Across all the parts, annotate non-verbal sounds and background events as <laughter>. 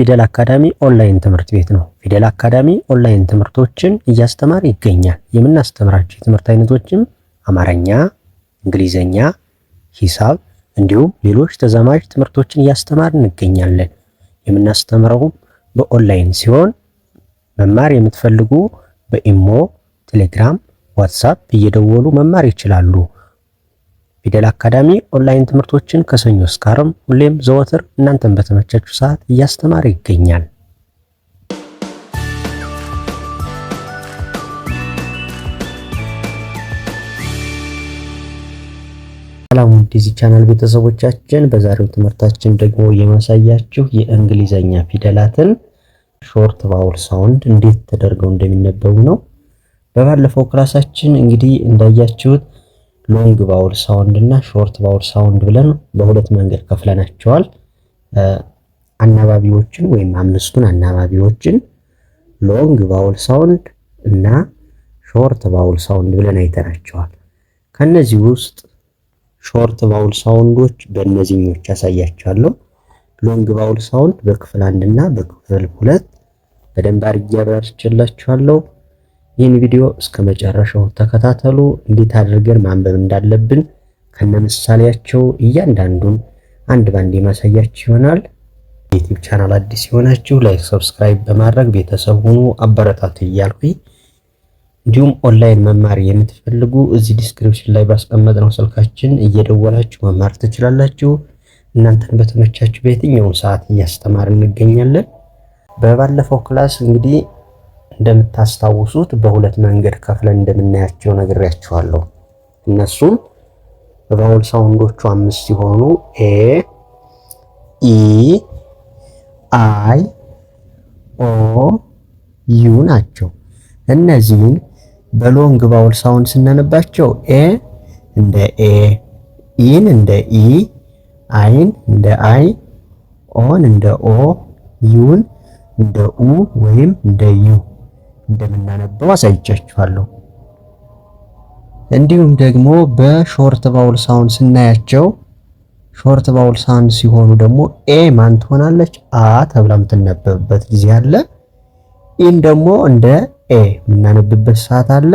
ፊደል አካዳሚ ኦንላይን ትምህርት ቤት ነው። ፊደል አካዳሚ ኦንላይን ትምህርቶችን እያስተማር ይገኛል። የምናስተምራቸው የትምህርት አይነቶችም አማርኛ፣ እንግሊዘኛ፣ ሂሳብ እንዲሁም ሌሎች ተዛማጅ ትምህርቶችን እያስተማር እንገኛለን። የምናስተምረውም በኦንላይን ሲሆን መማር የምትፈልጉ በኢሞ፣ ቴሌግራም፣ ዋትሳፕ እየደወሉ መማር ይችላሉ። ፊደል አካዳሚ ኦንላይን ትምህርቶችን ከሰኞ እስከ ዓርብ ሁሌም ዘወትር እናንተን በተመቻችሁ ሰዓት እያስተማረ ይገኛል። ሰላም ዲዚ ቻናል ቤተሰቦቻችን፣ በዛሬው ትምህርታችን ደግሞ የማሳያችሁ የእንግሊዘኛ ፊደላትን ሾርት ቫውል ሳውንድ እንዴት ተደርገው እንደሚነበቡ ነው። በባለፈው ክላሳችን እንግዲህ እንዳያችሁት ሎንግ ቫውል ሳውንድ እና ሾርት ቫውል ሳውንድ ብለን በሁለት መንገድ ከፍለናቸዋል። አናባቢዎችን ወይም አምስቱን አናባቢዎችን ሎንግ ቫውል ሳውንድ እና ሾርት ቫውል ሳውንድ ብለን አይተናቸዋል። ከነዚህ ውስጥ ሾርት ቫውል ሳውንዶች በእነዚህኞች ያሳያቸዋለሁ። ሎንግ ቫውል ሳውንድ በክፍል አንድ እና በክፍል ሁለት በደንብ አድርጌ አብራርቼላችኋለሁ። ይህን ቪዲዮ እስከ መጨረሻው ተከታተሉ። እንዴት አድርገን ማንበብ እንዳለብን ከነምሳሌያቸው እያንዳንዱን አንድ ባንድ የማሳያችሁ ይሆናል። ዩቲዩብ ቻናል አዲስ የሆናችሁ ላይክ፣ ሰብስክራይብ በማድረግ ቤተሰብ ሁኑ፣ አበረታቱ እያልኩኝ እንዲሁም ኦንላይን መማር የምትፈልጉ እዚህ ዲስክሪፕሽን ላይ ባስቀመጥነው ስልካችን እየደወላችሁ መማር ትችላላችሁ። እናንተን በተመቻችሁ በየትኛውም ሰዓት እያስተማር እንገኛለን። በባለፈው ክላስ እንግዲህ እንደምታስታውሱት በሁለት መንገድ ከፍለን እንደምናያቸው ነግሬያችኋለሁ። እነሱም ቫውል ሳውንዶቹ አምስት ሲሆኑ ኤ፣ ኢ፣ አይ፣ ኦ፣ ዩ ናቸው። እነዚህን በሎንግ ቫውል ሳውንድ ስናነባቸው ኤ እንደ ኤ፣ ኢን እንደ ኢ፣ አይን እንደ አይ፣ ኦን እንደ ኦ፣ ዩን እንደ ኡ ወይም እንደ ዩ እንደምናነበው አሳይቻችኋለሁ። እንዲሁም ደግሞ በሾርት ባውል ሳውንድ ስናያቸው ሾርት ባውል ሳውንድ ሲሆኑ ደግሞ ኤ ማን ትሆናለች? አ ተብላ የምትነበብበት ጊዜ አለ። ኢን ደግሞ እንደ ኤ የምናነብበት ሰዓት አለ።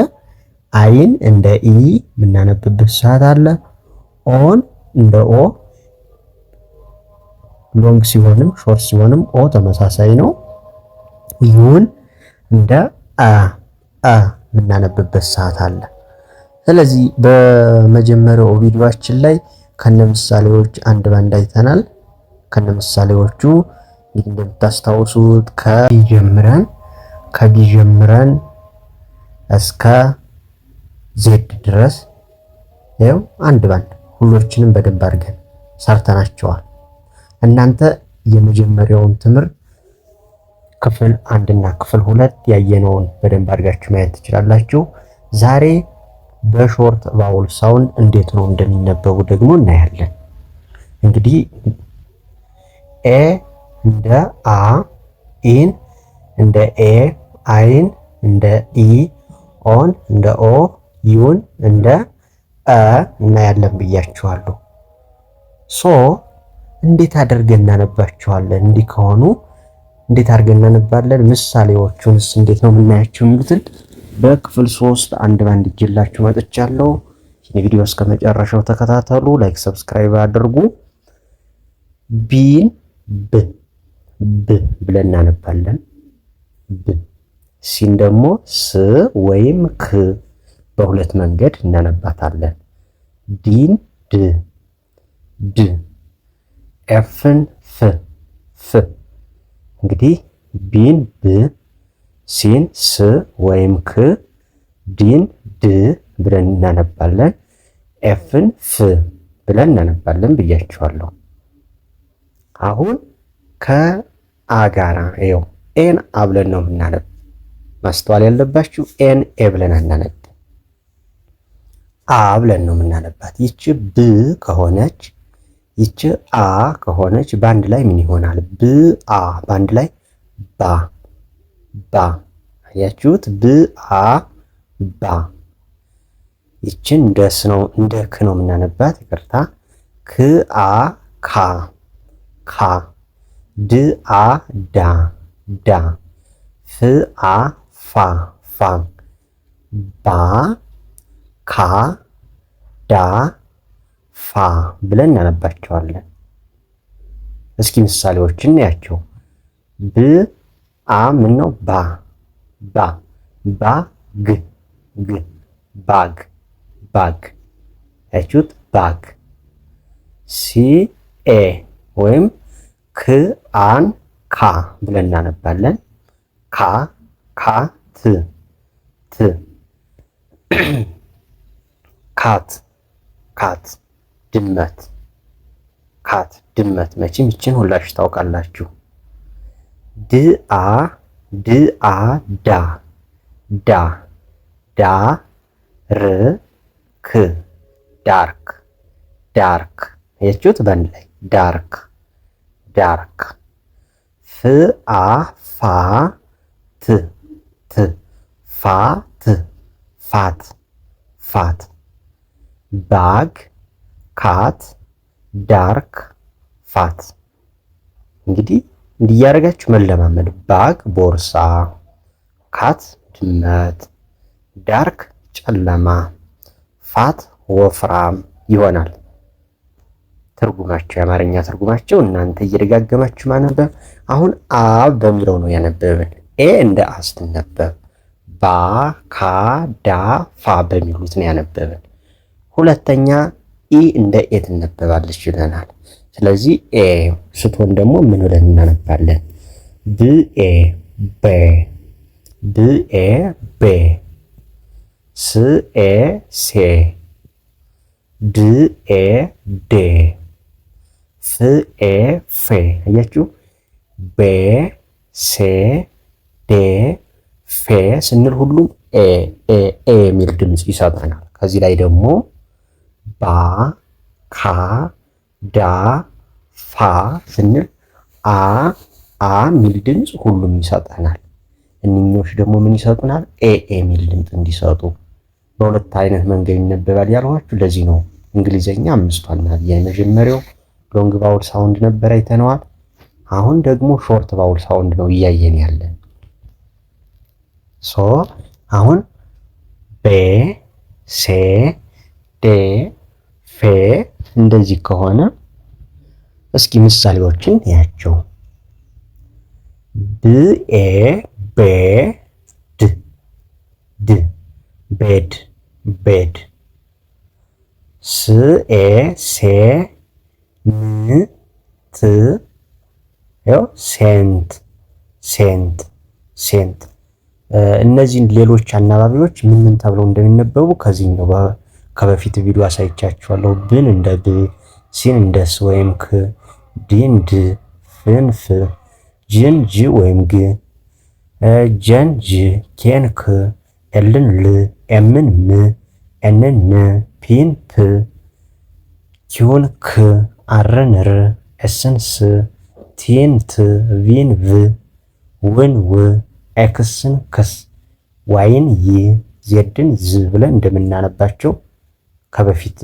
አይን እንደ ኢ የምናነብበት ሰዓት አለ። ኦን እንደ ኦ ሎንግ ሲሆንም ሾርት ሲሆንም ኦ ተመሳሳይ ነው። ዩን እንደ አ አ የምናነብበት ሰዓት አለ። ስለዚህ በመጀመሪያው ቪዲዮአችን ላይ ከነምሳሌዎች አንድ ባንድ አይተናል። ከነምሳሌዎቹ እንደምታስታውሱት ከቢ ጀምረን እስከ ዜድ ድረስ ይኸው አንድ ባንድ ሁሎችንም በደንብ አድርገን ሰርተናቸዋል። እናንተ የመጀመሪያውን ትምህርት ክፍል አንድና ክፍል ሁለት ያየነውን በደንብ አድርጋችሁ ማየት ትችላላችሁ። ዛሬ በሾርት ቫውል ሳውንድ እንዴት ነው እንደሚነበቡ ደግሞ እናያለን። እንግዲህ ኤ እንደ አ፣ ኢን እንደ ኤ፣ አይን እንደ ኢ፣ ኦን እንደ ኦ፣ ዩን እንደ አ እናያለን ብያችኋለሁ። ሶ እንዴት አድርገን እናነባችኋለን እንዲህ ከሆኑ እንዴት አድርገን እናነባለን፣ ምሳሌዎቹንስ እንዴት ነው የምናያቸው የሚሉትን በክፍል ሶስት አንድ ባንድ ይዤላችሁ መጥቻለሁ። ይህን ቪዲዮ እስከ መጨረሻው ተከታተሉ፣ ላይክ ሰብስክራይብ አድርጉ። ቢን ብ ብ ብለን እናነባለን። ብ ሲን ደግሞ ስ ወይም ክ በሁለት መንገድ እናነባታለን። ዲን ድ ድ ኤፍን ፍ ፍ እንግዲህ ቢን ብ፣ ሲን ስ ወይም ክ፣ ዲን ድ ብለን እናነባለን። ኤፍን ፍ ብለን እናነባለን ብያቸዋለሁ። አሁን ከአ ጋራ ይኸው ኤን አ ነው የምናነብ። ማስተዋል ያለባችሁ ኤን ኤ ብለን አናነብ፣ አ ብለን ነው የምናነባት። ይች ብ ከሆነች ይች አ ከሆነች በአንድ ላይ ምን ይሆናል? ብአ በአንድ ላይ ባ ባ። አያችሁት? ብአ ባ። ይችን ደስ ነው እንደ ክ ነው የምናነባት። ይቅርታ ክአ ካ ካ ድአ ዳ ዳ ፍአ ፋ ፋ ባ ካ ዳ ፋ ብለን እናነባቸዋለን። እስኪ ምሳሌዎችን እናያቸው። ብ አ ምን ነው ባ ባ ባ ግ ግ ባግ ባግ ያችሁት ባግ ሲ ኤ ወይም አን ካ ብለን እናነባለን። ካ ካ ት ት <clears throat> ካት ካት ድመት ካት ድመት መቼም ይችን ሁላችሁ ታውቃላችሁ። ድአ ድአ ዳ ዳ ዳ ር ክ ዳርክ ዳርክ የችሁት በአንድ ላይ ዳርክ ዳርክ ፍአ ፋ ት ት ፋ ት ፋት ፋት ባግ ካት ዳርክ ፋት እንግዲህ እንዲያደርጋችሁ መለማመድ ባግ ቦርሳ፣ ካት ድመት፣ ዳርክ ጨለማ፣ ፋት ወፍራም ይሆናል። ትርጉማቸው የአማርኛ ትርጉማቸው እናንተ እየደጋገማችሁ ማነበብ። አሁን አብ በሚለው ነው ያነበብን። ኤ እንደ አ ስትነበብ ባ ካ ዳ ፋ በሚሉት ነው ያነበብን። ሁለተኛ ኢ እንደ ኤ ትነበባለች ብለናል። ስለዚህ ኤ ስትሆን ደግሞ ምን ብለን እናነባለን? ብኤ ቤ ብኤ ቤ ስኤ ሴ ድኤ ዴ ፍኤ ፌ አያችሁ። ቤ ሴ ዴ ፌ ስንል ሁሉም ኤ ኤ የሚል ድምፅ ይሰጠናል። ከዚህ ላይ ደግሞ ባ ካ ዳ ፋ ስንል አ አ ሚል ድምፅ ሁሉም ይሰጠናል። እኒኞች ደግሞ ምን ይሰጡናል? ኤኤ ሚል ድምፅ እንዲሰጡ በሁለት አይነት መንገድ ይነበባል ያልኋችሁ ለዚህ ነው። እንግሊዘኛ አምስቷና የመጀመሪያው ሎንግ ባውል ሳውንድ ነበር አይተነዋል። አሁን ደግሞ ሾርት ባውል ሳውንድ ነው እያየን ያለን። ሶ አሁን ቤ ሴ ዴ እንደዚህ ከሆነ እስኪ ምሳሌዎችን ያቸው። ብኤ ቤድ ድ ቤድ ቤድ ስኤ ሴ ን ት ሴንት ሴንት ሴንት እነዚህን ሌሎች አናባቢዎች ምን ምን ተብለው እንደሚነበቡ ከዚህኛው ከበፊት ቪዲዮ አሳይቻችኋለሁ። ብን እንደ ብ፣ ሲን እንደ ስ ወይም ክ፣ ዲን ድ፣ ፍን ፍ፣ ጅን ጅ ወይም ግ፣ ጀን ጅ፣ ኬን ክ፣ ኤልን ል፣ ኤምን ም፣ ኤንን ን፣ ፒን ፕ፣ ኪውን ክ፣ አርን ር፣ ኤስን ስ፣ ቲን ት፣ ቪን ቭ፣ ውን ው፣ ኤክስን ክስ፣ ዋይን ይ፣ ዜድን ዝ ብለን እንደምናነባቸው ከበፊት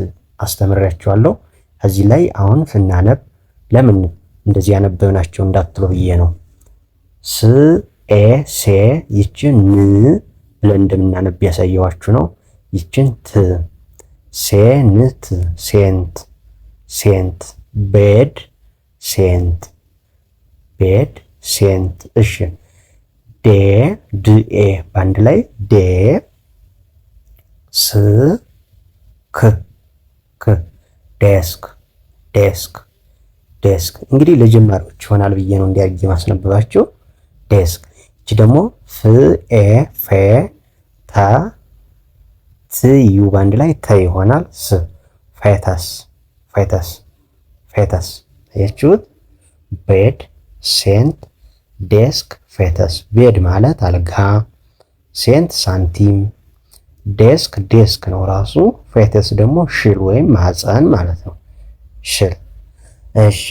አስተምሬያችኋለሁ። ከዚህ ላይ አሁን ስናነብ ለምን እንደዚህ ያነበብናቸው እንዳትሎ ብዬ ነው። ስ ኤ ሴ ይችን ን ብለን እንደምናነብ ያሳየዋችሁ ነው። ይችን ት ሴንት ሴንት ሴንት ቤድ ሴንት ቤድ ሴንት። እሺ ዴ ድኤ በአንድ ላይ ዴ ስ ክ ክ ዴስክ ዴስክ ዴስክ እንግዲህ ለጀማሪዎች ይሆናል ብዬ ነው እንዲያርግ ማስነበባቸው። ዴስክ እቺ ደግሞ ፍ ኤ ፌ ታ ት ዩ ባንድ ላይ ተ ይሆናል። ስ ፋይታስ ፋይታስ ፋይታስ ያችሁት ቤድ ሴንት ዴስክ ፌተስ ቤድ ማለት አልጋ፣ ሴንት ሳንቲም ዴስክ ዴስክ ነው ራሱ። ፌተስ ደግሞ ሽል ወይም ማህፀን ማለት ነው። ሽል። እሺ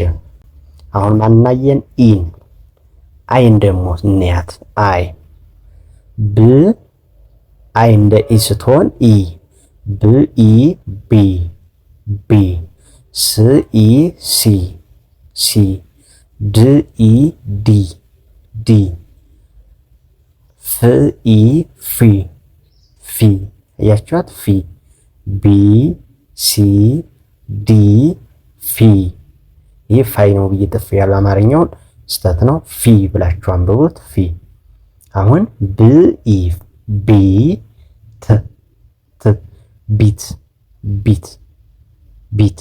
አሁን ማናየን ኢን አይን ደግሞ እንያት። አይ ብ አይ እንደ ኢ ስትሆን ኢ ብ ኢ ቢ ቢ ስ ኢ ሲ ሲ ድ ኢ ዲ ዲ ፍ ኢ ፊ ፊ እያችኋት ፊ ቢ ሲ ዲ ፊ ይህ ፋይ ነው ብዬ ጥፍ ያሉ አማርኛውን ስተት ነው። ፊ ብላችሁ አንብቡት። ፊ አሁን ብኢ ቢ ት ት ቢት ቢት ቢት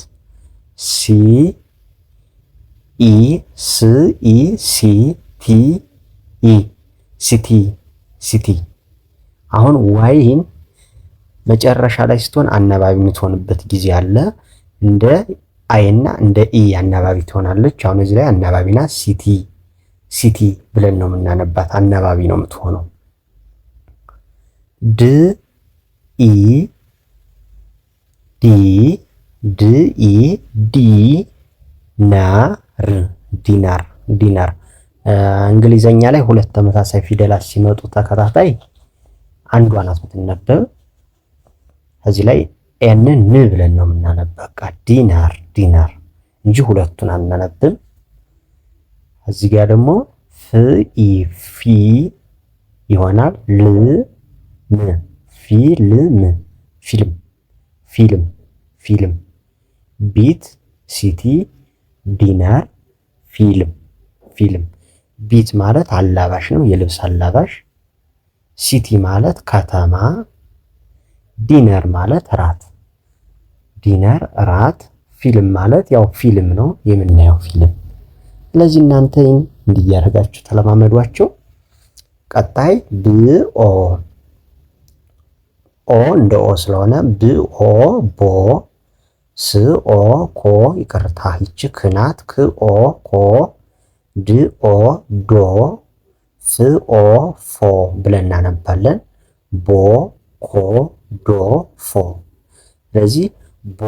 ሲ ኢ ስ ኢ ሲ ቲ ኢ ሲቲ ሲቲ አሁን ዋይን መጨረሻ ላይ ስትሆን አናባቢ የምትሆንበት ጊዜ አለ። እንደ አይና እንደ ኢ አናባቢ ትሆናለች። አሁን እዚህ ላይ አናባቢና ሲቲ ሲቲ ብለን ነው የምናነባት። አናባቢ ነው የምትሆነው። ድ ኢ ዲ ድ ኢ ዲ ር ዲናር ዲናር። እንግሊዘኛ ላይ ሁለት ተመሳሳይ ፊደላት ሲመጡ ተከታታይ አንዷ ናት የምትነበብ። እዚህ ላይ ኤንን ን ብለን ነው የምናነብ። በቃ ዲናር ዲናር እንጂ ሁለቱን አናነብም። እዚህ ጋር ደግሞ ፍ ፊ ይሆናል። ልም ፊልም ፊልም ፊልም ፊልም ቢት ሲቲ ዲናር ፊልም ፊልም ቢት ማለት አላባሽ ነው፣ የልብስ አላባሽ ሲቲ ማለት ከተማ፣ ዲነር ማለት ራት፣ ዲነር ራት፣ ፊልም ማለት ያው ፊልም ነው የምናየው ፊልም። ስለዚህ እናንተ እንዲያደርጋችሁ ተለማመዷቸው። ቀጣይ ብ ኦ እንደ ኦ ስለሆነ ኦ ቦ ኦ ኮ ይቅርታ ይቺ ክናት ክኦ ኮ ኦ ዶ ሲኦ ፎ ብለን እናነባለን። ቦ ኮ ዶ ፎ። ስለዚህ ቦ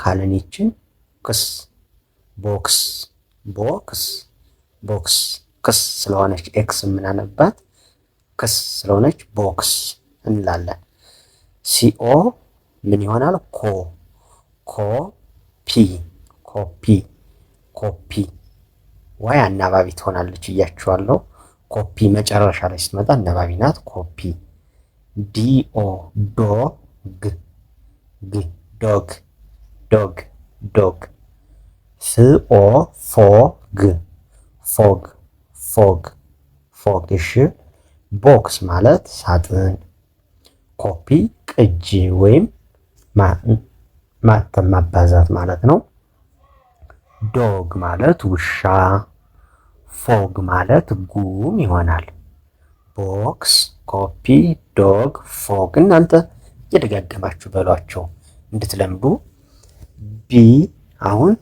ካለን ክስ ቦክስ ቦክስ ቦክስ ክስ ስለሆነች ኤክስ የምናነባት ክስ ስለሆነች ቦክስ እንላለን። ሲኦ ምን ይሆናል? ኮ ኮፒ ኮፒ ኮፒ ዋይ አናባቢ ትሆናለች እያችኋለሁ። ኮፒ መጨረሻ ላይ ስትመጣ አነባቢ ናት። ኮፒ ዲኦ ዶ ግ ዶግ ዶግ ዶግ ስኦ ግ ፎግ ፎግ ፎግ። እሺ ቦክስ ማለት ሳጥን። ኮፒ ቅጂ ወይም ማተም ማባዛት ማለት ነው። ዶግ ማለት ውሻ ፎግ ማለት ጉም ይሆናል። ቦክስ፣ ኮፒ፣ ዶግ፣ ፎግ እናንተ እየደጋገማችሁ በሏቸው እንድትለምዱ። ቢ አሁን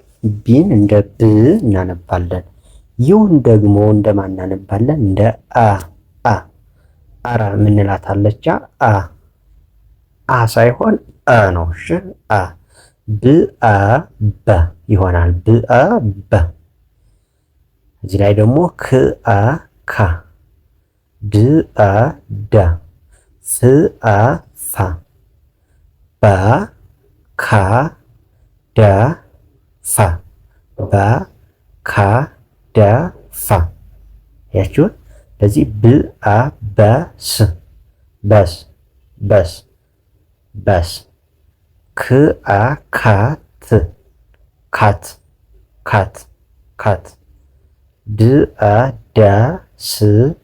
ቢን እንደ ብ እናነባለን። ይሁን ደግሞ እንደማን እናነባለን? እንደ አ አ አራ የምንላት አ አ ሳይሆን አ ነው። እሺ አ ብአ በ ይሆናል። ብአ በ እዚህ ላይ ደግሞ ክአ ካ አ ዳ አ ሳ ባ ካ ዳ ፋ ባ ካ ዳ ፋ ያችሁን ለዚህ ብአ በስ በስ በስ አ ክአ ካት ካት ካት ካት ድአ ዳ ስት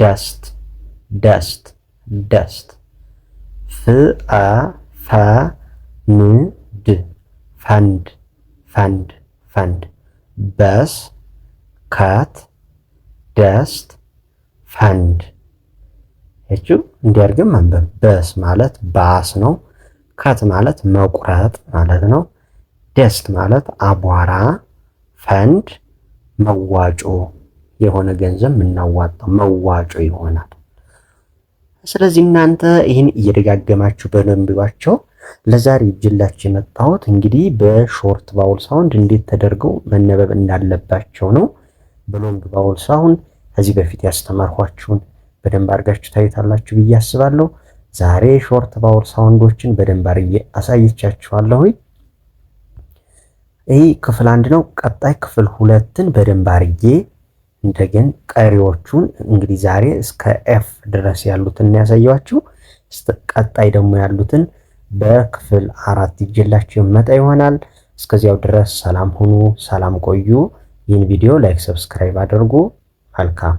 ዳስት ዳስት ዳስት ፍአ ፋ ን ድ ፋንድ ፋንድ ፋንድ ባስ ካት ዳስት ፋንድ ያችው እንዲያርግም ማንበብ በስ ማለት ባስ ነው። ካት ማለት መቁረጥ ማለት ነው። ደስት ማለት አቧራ ፈንድ መዋጮ የሆነ ገንዘብ የምናዋጣው መዋጮ ይሆናል። ስለዚህ እናንተ ይህን እየደጋገማችሁ በደንብባቸው ለዛሬ እጅላችሁ የመጣሁት እንግዲህ በሾርት ባውል ሳውንድ እንዴት ተደርገው መነበብ እንዳለባቸው ነው። በሎንግ ባውል ሳውንድ ከዚህ በፊት ያስተማርኋችሁን በደንብ አድርጋችሁ ታይታላችሁ ብዬ አስባለሁ። ዛሬ ሾርት ባውል ሳውንዶችን በደንብ አድርጌ አሳይቻችኋለሁኝ። ይህ ክፍል አንድ ነው። ቀጣይ ክፍል ሁለትን በደንብ አርጌ እንደገን ቀሪዎቹን እንግዲህ ዛሬ እስከ ኤፍ ድረስ ያሉትን እናያሳያችሁ። ቀጣይ ደግሞ ያሉትን በክፍል አራት ይጀላችሁ የመጣ ይሆናል። እስከዚያው ድረስ ሰላም ሁኑ፣ ሰላም ቆዩ። ይህን ቪዲዮ ላይክ፣ ሰብስክራይብ አድርጉ። መልካም